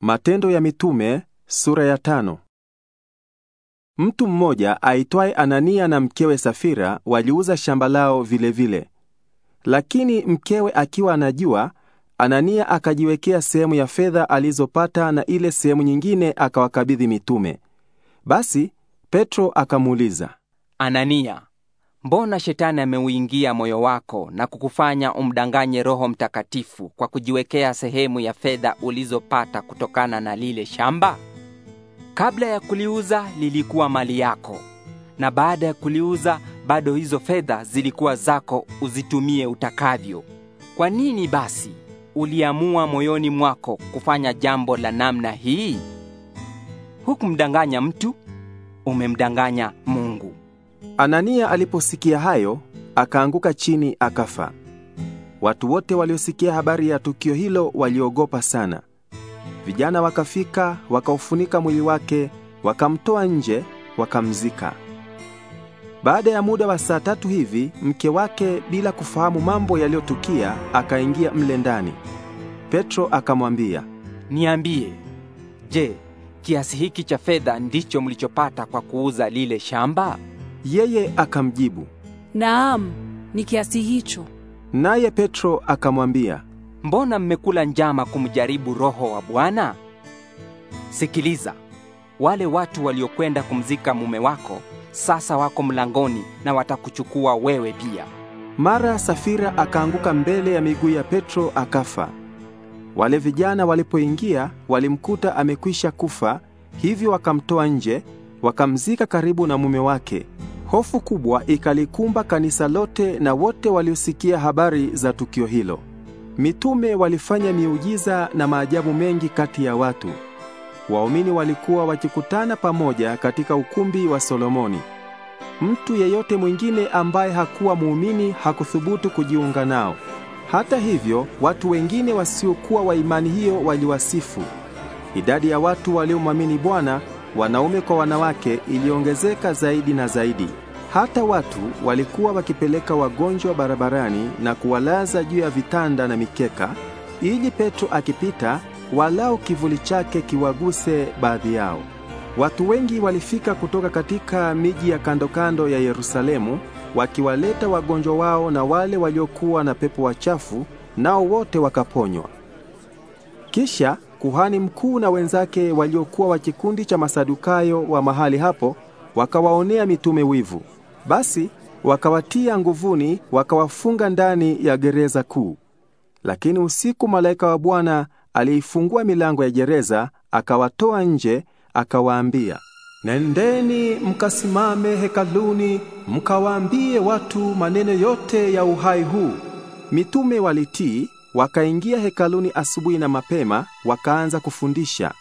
Matendo ya Mitume sura ya tano. Mtu mmoja aitwaye Anania na mkewe Safira waliuza shamba lao vilevile vile. Lakini mkewe akiwa anajua, Anania akajiwekea sehemu ya fedha alizopata na ile sehemu nyingine akawakabidhi mitume. Basi Petro akamuuliza, Anania, Mbona shetani ameuingia moyo wako na kukufanya umdanganye Roho Mtakatifu kwa kujiwekea sehemu ya fedha ulizopata kutokana na lile shamba? Kabla ya kuliuza lilikuwa mali yako, na baada ya kuliuza bado hizo fedha zilikuwa zako, uzitumie utakavyo. Kwa nini basi uliamua moyoni mwako kufanya jambo la namna hii? Hukumdanganya mtu, umemdanganya Mungu. Anania aliposikia hayo, akaanguka chini akafa. Watu wote waliosikia habari ya tukio hilo waliogopa sana. Vijana wakafika, wakaufunika mwili wake, wakamtoa nje, wakamzika. Baada ya muda wa saa tatu hivi, mke wake bila kufahamu mambo yaliyotukia, akaingia mle ndani. Petro akamwambia, "Niambie, je, kiasi hiki cha fedha ndicho mlichopata kwa kuuza lile shamba?" Yeye akamjibu, naam, ni kiasi hicho. Naye Petro akamwambia, mbona mmekula njama kumjaribu Roho wa Bwana? Sikiliza, wale watu waliokwenda kumzika mume wako sasa wako mlangoni na watakuchukua wewe pia. Mara Safira akaanguka mbele ya miguu ya Petro akafa. Wale vijana walipoingia walimkuta amekwisha kufa, hivyo wakamtoa nje, wakamzika karibu na mume wake. Hofu kubwa ikalikumba kanisa lote na wote waliosikia habari za tukio hilo. Mitume walifanya miujiza na maajabu mengi kati ya watu. Waumini walikuwa wakikutana pamoja katika ukumbi wa Solomoni. Mtu yeyote mwingine ambaye hakuwa muumini hakuthubutu kujiunga nao. Hata hivyo, watu wengine wasiokuwa wa imani hiyo waliwasifu. Idadi ya watu waliomwamini Bwana, wanaume kwa wanawake, iliongezeka zaidi na zaidi. Hata watu walikuwa wakipeleka wagonjwa barabarani na kuwalaza juu ya vitanda na mikeka, ili Petro akipita walao kivuli chake kiwaguse baadhi yao. Watu wengi walifika kutoka katika miji ya kando kando ya Yerusalemu wakiwaleta wagonjwa wao na wale waliokuwa na pepo wachafu, nao wote wakaponywa. Kisha kuhani mkuu na wenzake waliokuwa wa kikundi cha Masadukayo wa mahali hapo wakawaonea mitume wivu. Basi wakawatia nguvuni, wakawafunga ndani ya gereza kuu. Lakini usiku malaika wa Bwana aliifungua milango ya gereza, akawatoa nje, akawaambia, Nendeni mkasimame hekaluni, mkawaambie watu maneno yote ya uhai huu. Mitume walitii, wakaingia hekaluni asubuhi na mapema, wakaanza kufundisha.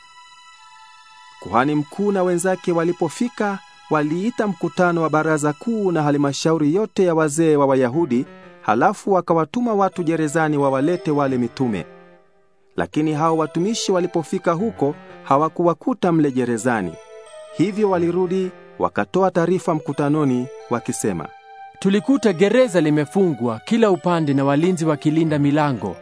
Kuhani mkuu na wenzake walipofika waliita mkutano wa baraza kuu na halmashauri yote ya wazee wa Wayahudi, halafu wakawatuma watu gerezani wawalete wale mitume. Lakini hao watumishi walipofika huko hawakuwakuta mle gerezani. Hivyo walirudi wakatoa taarifa mkutanoni wakisema, tulikuta gereza limefungwa kila upande na walinzi wakilinda milango,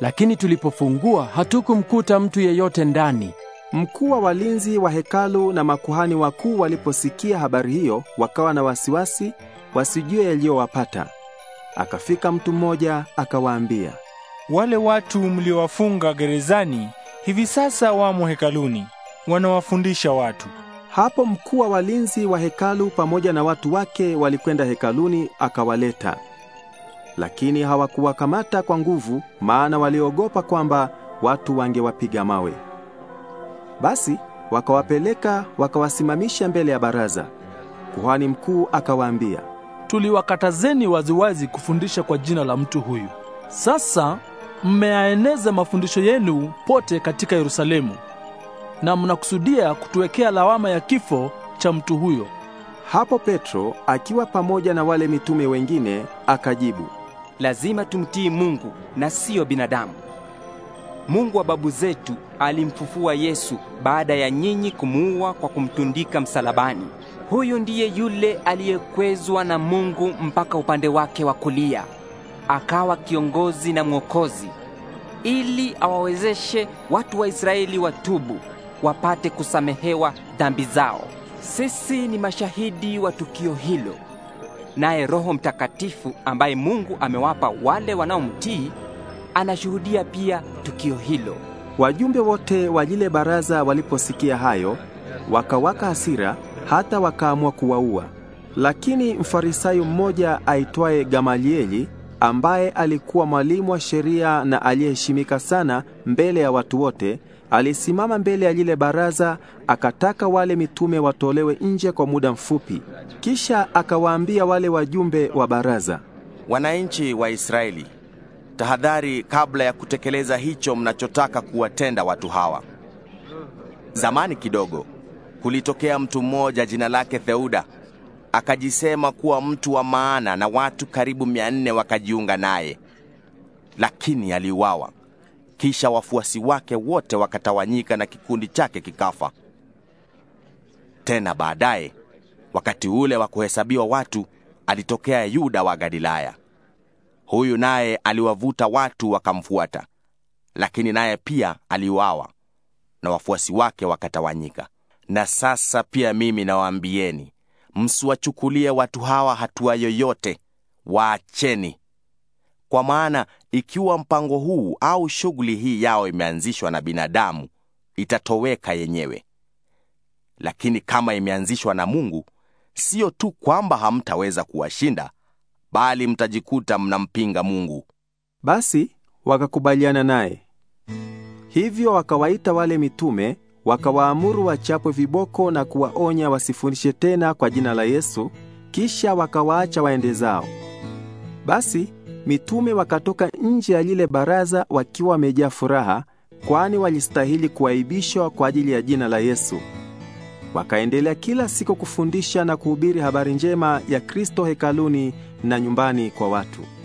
lakini tulipofungua hatukumkuta mtu yeyote ndani. Mkuu wa walinzi wa hekalu na makuhani wakuu waliposikia habari hiyo, wakawa na wasiwasi wasijue yaliyowapata. Akafika mtu mmoja akawaambia, wale watu mliowafunga gerezani hivi sasa wamo hekaluni, wanawafundisha watu. Hapo mkuu wa walinzi wa hekalu pamoja na watu wake walikwenda hekaluni, akawaleta lakini hawakuwakamata kwa nguvu, maana waliogopa kwamba watu wangewapiga mawe. Basi wakawapeleka wakawasimamisha mbele ya baraza. Kuhani mkuu akawaambia, tuliwakatazeni waziwazi kufundisha kwa jina la mtu huyu. Sasa mmeaeneza mafundisho yenu pote katika Yerusalemu, na mnakusudia kutuwekea lawama ya kifo cha mtu huyo. Hapo Petro akiwa pamoja na wale mitume wengine akajibu, lazima tumtii Mungu na siyo binadamu. Mungu wa babu zetu alimfufua Yesu baada ya nyinyi kumuua kwa kumtundika msalabani. Huyu ndiye yule aliyekwezwa na Mungu mpaka upande wake wa kulia, akawa kiongozi na mwokozi, ili awawezeshe watu wa Israeli watubu, wapate kusamehewa dhambi zao. Sisi ni mashahidi wa tukio hilo. Naye Roho Mtakatifu ambaye Mungu amewapa wale wanaomtii anashuhudia pia tukio hilo. Wajumbe wote wa lile baraza waliposikia hayo, wakawaka hasira hata wakaamua kuwaua. Lakini mfarisayo mmoja aitwaye Gamalieli ambaye alikuwa mwalimu wa sheria na aliyeheshimika sana mbele ya watu wote, alisimama mbele ya lile baraza, akataka wale mitume watolewe nje kwa muda mfupi. Kisha akawaambia wale wajumbe wa baraza, wananchi wa Israeli, tahadhari kabla ya kutekeleza hicho mnachotaka kuwatenda watu hawa. Zamani kidogo kulitokea mtu mmoja jina lake Theuda, akajisema kuwa mtu wa maana na watu karibu mia nne wakajiunga naye, lakini aliuawa. Kisha wafuasi wake wote wakatawanyika na kikundi chake kikafa. Tena baadaye, wakati ule wa kuhesabiwa watu, alitokea Yuda wa Galilaya. Huyu naye aliwavuta watu wakamfuata, lakini naye pia aliuawa na wafuasi wake wakatawanyika. Na sasa pia mimi nawaambieni, msiwachukulie watu hawa hatua yoyote, waacheni. Kwa maana ikiwa mpango huu au shughuli hii yao imeanzishwa na binadamu, itatoweka yenyewe. Lakini kama imeanzishwa na Mungu, sio tu kwamba hamtaweza kuwashinda, bali mtajikuta mnampinga Mungu. Basi wakakubaliana naye. Hivyo wakawaita wale mitume, wakawaamuru wachapwe viboko na kuwaonya wasifundishe tena kwa jina la Yesu, kisha wakawaacha waende zao. Basi mitume wakatoka nje ya lile baraza wakiwa wamejaa furaha, kwani walistahili kuaibishwa kwa ajili ya jina la Yesu. Wakaendelea kila siku kufundisha na kuhubiri habari njema ya Kristo hekaluni na nyumbani kwa watu.